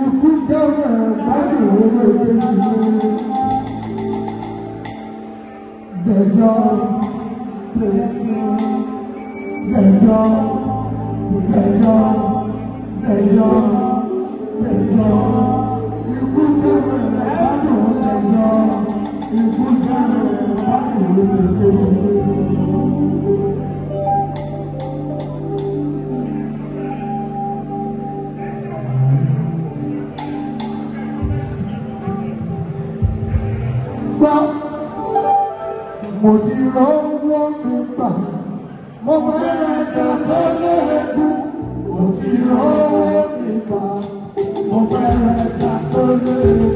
ikú dáná báyìí òun èdè ìlú gbẹjọ gbẹjọ gbẹjọ gbẹjọ gbẹjọ ikú dáná báyìí òun gbẹjọ ikú dáná báyìí òun èdè ìlú. gbọ́ mo ti rówó mi gbà mo fẹ́ ra ẹja tó léèkú mo ti rówó mi gbà mo fẹ́ ra ẹja tó léèkú.